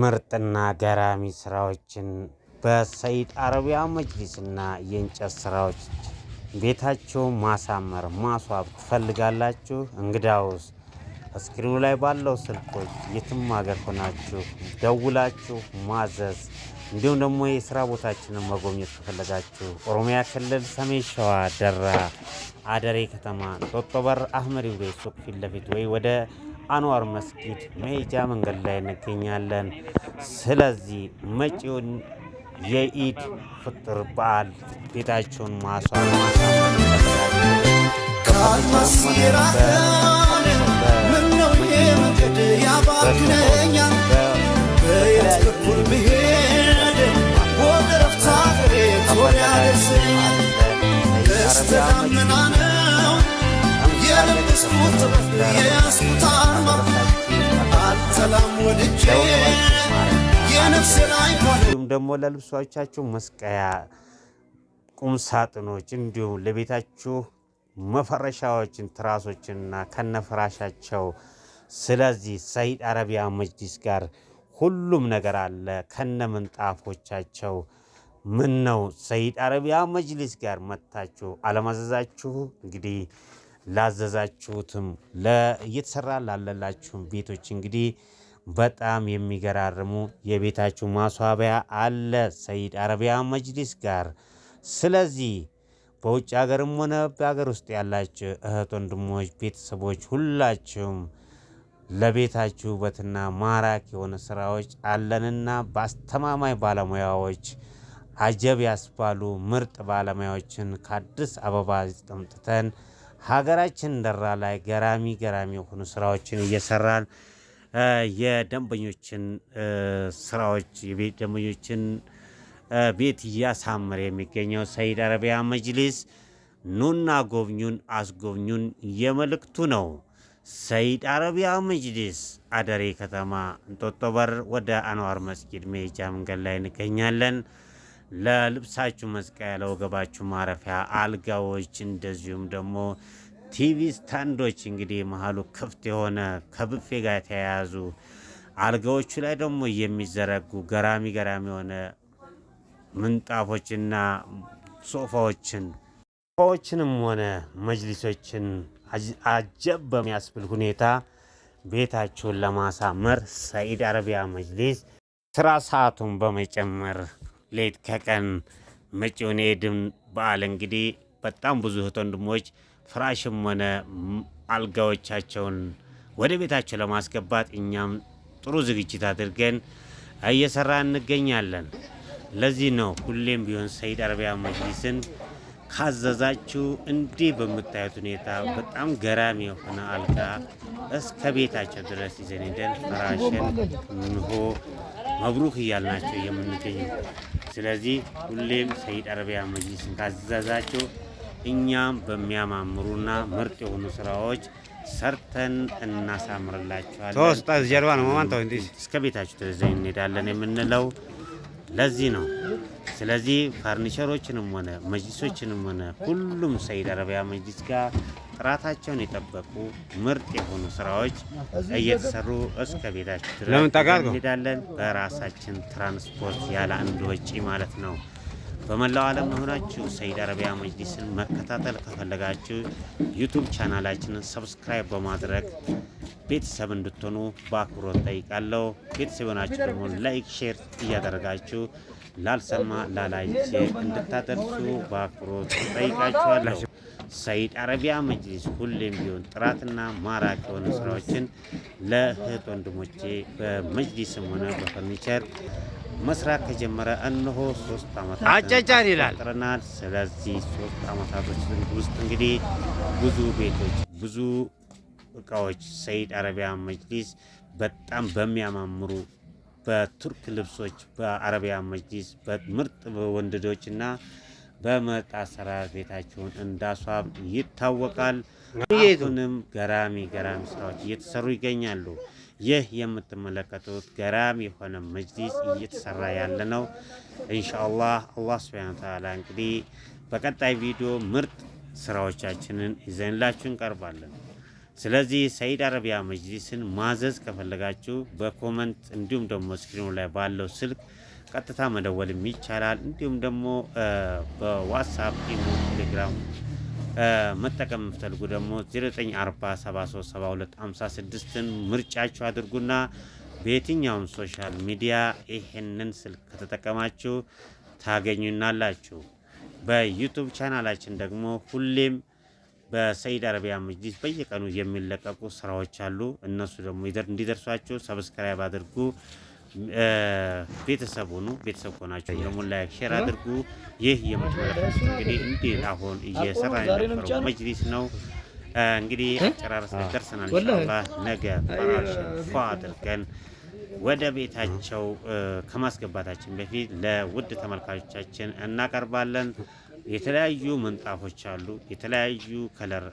ምርጥና ገራሚ ስራዎችን በሰይድ አረቢያ መጅሊስና የእንጨት ስራዎች ቤታቸው ማሳመር ማስዋብ ትፈልጋላችሁ? እንግዳውስ እስክሪኑ ላይ ባለው ስልኮች የትም ሀገር ሆናችሁ ደውላችሁ ማዘዝ፣ እንዲሁም ደግሞ የስራ ቦታችንን መጎብኘት ከፈለጋችሁ ኦሮሚያ ክልል ሰሜን ሸዋ ደራ አደሬ ከተማ ጦጦ አህመድ ሱቅ ፊት ለፊት ወይ ወደ አንዋር መስጊድ መሄጃ መንገድ ላይ እንገኛለን። ስለዚህ መጪውን የኢድ ፍጥር በዓል ቤታቸውን ማስዋብ ማሳመር ሰላም ወድጄ የነፍሴ ላይ እንዲሁም ደግሞ ለልብሶቻችሁ መስቀያ ቁም ሳጥኖች እንዲሁም ለቤታችሁ መፈረሻዎችን ትራሶችንና ከነፍራሻቸው። ስለዚህ ሰይድ አረቢያ መጅሊስ ጋር ሁሉም ነገር አለ ከነ ምንጣፎቻቸው። ምን ነው ሰይድ አረቢያ መጅሊስ ጋር መታችሁ አለማዘዛችሁ እንግዲህ ላዘዛችሁትም እየተሰራ ላለላችሁም ቤቶች እንግዲህ በጣም የሚገራርሙ የቤታችሁ ማስዋቢያ አለ ሰይድ አረቢያ መጅሊስ ጋር። ስለዚህ በውጭ ሀገርም ሆነ በሀገር ውስጥ ያላችሁ እህት ወንድሞች፣ ቤተሰቦች ሁላችሁም ለቤታችሁ ውበትና ማራኪ የሆነ ስራዎች አለንና በአስተማማኝ ባለሙያዎች አጀብ ያስባሉ ምርጥ ባለሙያዎችን ከአዲስ አበባ ጠምጥተን ሀገራችን ደራ ላይ ገራሚ ገራሚ የሆኑ ስራዎችን እየሰራን የደንበኞችን ስራዎች ደንበኞችን ቤት እያሳመረ የሚገኘው ሰይድ አረቢያ መጅሊስ ኑና ጎብኙን አስጎብኙን የመልእክቱ ነው። ሰይድ አረቢያ መጅሊስ አደሬ ከተማ እንጦጦ በር ወደ አንዋር መስጊድ መሄጃ መንገድ ላይ እንገኛለን። ለልብሳችሁ መስቀያ፣ ለወገባችሁ ማረፊያ አልጋዎች፣ እንደዚሁም ደግሞ ቲቪ ስታንዶች እንግዲህ መሀሉ ክፍት የሆነ ከብፌ ጋር የተያያዙ አልጋዎቹ ላይ ደግሞ የሚዘረጉ ገራሚ ገራሚ የሆነ ምንጣፎችና ሶፋዎችን ሶፋዎችንም ሆነ መጅሊሶችን አጀብ በሚያስብል ሁኔታ ቤታችሁን ለማሳመር ሰኢድ አረቢያ መጅሊስ ስራ ሰዓቱን በመጨመር ሌት ከቀን መጪውን የድን በዓል እንግዲህ በጣም ብዙ እህት ወንድሞች ፍራሽም ሆነ አልጋዎቻቸውን ወደ ቤታቸው ለማስገባት እኛም ጥሩ ዝግጅት አድርገን እየሰራ እንገኛለን። ለዚህ ነው ሁሌም ቢሆን ሰይድ አረቢያ መጅሊስን ካዘዛችሁ እንዲህ በምታዩት ሁኔታ በጣም ገራሚ የሆነ አልጋ እስከ ቤታቸው ድረስ ይዘን ሄደን ፍራሽን እንሆ መብሩክ እያልናቸው የምንገኘው ስለዚህ ሁሌም ሰይድ አረቢያ መጅሊስን ካዘዛቸው እኛም በሚያማምሩና ምርጥ የሆኑ ስራዎች ሰርተን እናሳምርላችኋለን። ጀርባ ነው እስከ ቤታችሁ ተዘኝ እንሄዳለን የምንለው ለዚህ ነው። ስለዚህ ፈርኒቸሮችንም ሆነ መጅሊሶችንም ሆነ ሁሉም ሰይድ አረቢያ መጅሊስ ጋር ጥራታቸውን የጠበቁ ምርጥ የሆኑ ስራዎች እየተሰሩ እስከ ቤታችን ድረስ እንሄዳለን። በራሳችን ትራንስፖርት ያለ አንድ ወጪ ማለት ነው። በመላው ዓለም መሆናችሁ ሰይድ አረቢያ መጅሊስን መከታተል ከፈለጋችሁ ዩቱብ ቻናላችንን ሰብስክራይብ በማድረግ ቤተሰብ እንድትሆኑ በአክብሮት ጠይቃለሁ። ቤተሰብ የሆናችሁ ደግሞ ላይክ፣ ሼር እያደረጋችሁ ላልሰማ ላላይ እንድታደርሱ በአክብሮት ጠይቃችኋለሁ። ሰይድ አረቢያ መጅሊስ ሁሌም ቢሆን ጥራትና ማራኪ የሆነ ስራዎችን ለእህት ወንድሞቼ በመጅሊስም ሆነ በፈርኒቸር መስራት ከጀመረ እነሆ ሶስት ዓመታት አጫጫር ይላል ጥረናል። ስለዚህ ሶስት ዓመታቶች ውስጥ እንግዲህ ብዙ ቤቶች፣ ብዙ እቃዎች ሰይድ አረቢያ መጅሊስ በጣም በሚያማምሩ በቱርክ ልብሶች በአረቢያ መጅሊስ በምርጥ ወንድዶች እና በመጣ አሰራር ቤታቸውን እንዳስዋብ ይታወቃል። የቱንም ገራሚ ገራሚ ስራዎች እየተሰሩ ይገኛሉ። ይህ የምትመለከቱት ገራሚ የሆነ መጅሊስ እየተሰራ ያለ ነው። ኢንሻአላህ አላህ ሱብሃነሁ ወተዓላ እንግዲህ በቀጣይ ቪዲዮ ምርጥ ስራዎቻችንን ይዘንላችሁ እንቀርባለን። ስለዚህ ሰይድ አረቢያ መጅሊስን ማዘዝ ከፈለጋችሁ በኮመንት እንዲሁም ደግሞ ስክሪኑ ላይ ባለው ስልክ ቀጥታ መደወልም ይቻላል። እንዲሁም ደግሞ በዋትሳፕ፣ ኢሞ፣ ቴሌግራም መጠቀም የምትፈልጉ ደግሞ 0947372556ን ምርጫችሁ አድርጉና በየትኛውም ሶሻል ሚዲያ ይሄንን ስልክ ከተጠቀማችሁ ታገኙናላችሁ። በዩቱብ ቻናላችን ደግሞ ሁሌም በሰይድ አረቢያ መጅሊስ በየቀኑ የሚለቀቁ ስራዎች አሉ። እነሱ ደግሞ እንዲደርሷችሁ ሰብስክራይብ አድርጉ። ቤተሰብ ሆኑ። ቤተሰብ ሆናችሁ ደግሞ ላይክ ሼር አድርጉ። ይህ የምትመለከቱት እንግዲህ እንዴት አሁን እየሰራ የነበረው መጅሊስ ነው። እንግዲህ አጨራረስ ላይ ደርሰናል። ኢንሻአላህ ነገ ባራሽ ፏ አድርገን ወደ ቤታቸው ከማስገባታችን በፊት ለውድ ተመልካቾቻችን እናቀርባለን። የተለያዩ ምንጣፎች አሉ። የተለያዩ ከለር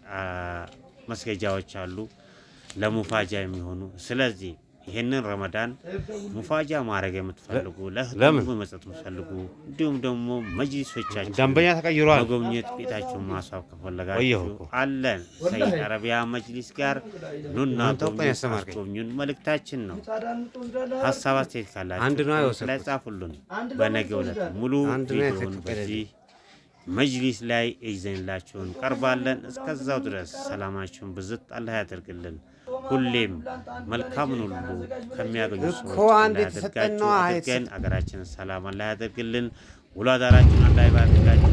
መስገጃዎች አሉ ለሙፋጃ የሚሆኑ ስለዚህ ይህንን ረመዳን ሙፋጃ ማድረግ የምትፈልጉ ለህዝቡ መጽት የምትፈልጉ እንዲሁም ደግሞ መጅሊሶቻችን ደንበኛ ተቀይሯል መጎብኘት ቤታችሁን ማስዋብ ከፈለጋችሁ አለን። ሰይድ አረቢያ መጅሊስ ጋር ኑና ጎብኙን መልእክታችን ነው። ሀሳብ አስተያየት ካላችሁ ላይ ጻፉልን። በነገ ዕለት ሙሉ ቪዲዮን በዚህ መጅሊስ ላይ ይዘንላችሁን ቀርባለን። እስከዛው ድረስ ሰላማችሁን ብዝት አላህ ያደርግልን። ሁሌም መልካምን ሁሉ ከሚያገኙ ሰዎች ያደርጋችሁ አድርገን። አገራችንን ሰላም አላህ ያደርግልን። ውሎ አዳራችን አላህ ይባርክላችሁ።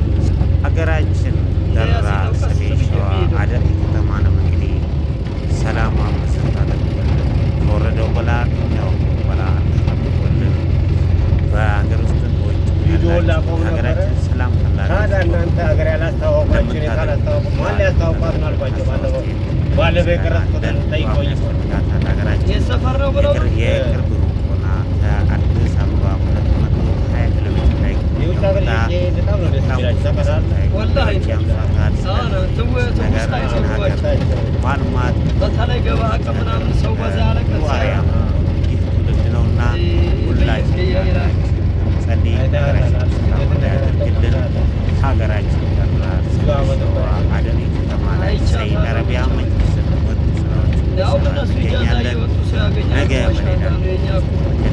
አገራችን ደራ ሰቤ ಕಲಿಸ್ತಾವ ಮಾನ್ಯಸ್ತಾವ ಪಾಸ್ ಮಾಡ್ಬೇಕು ಬಾಲ್ಯವ ಬಾಲ್ಯ ಬೇಕಾರಸ್ತದೆ ಅಂತ ማልማት በተለይ ገባህ ምናምን ሰው በዛ ያለ ይህ ትውልድ ነውና ሁላችን ጸልይ ሀገራችን Ja, ja.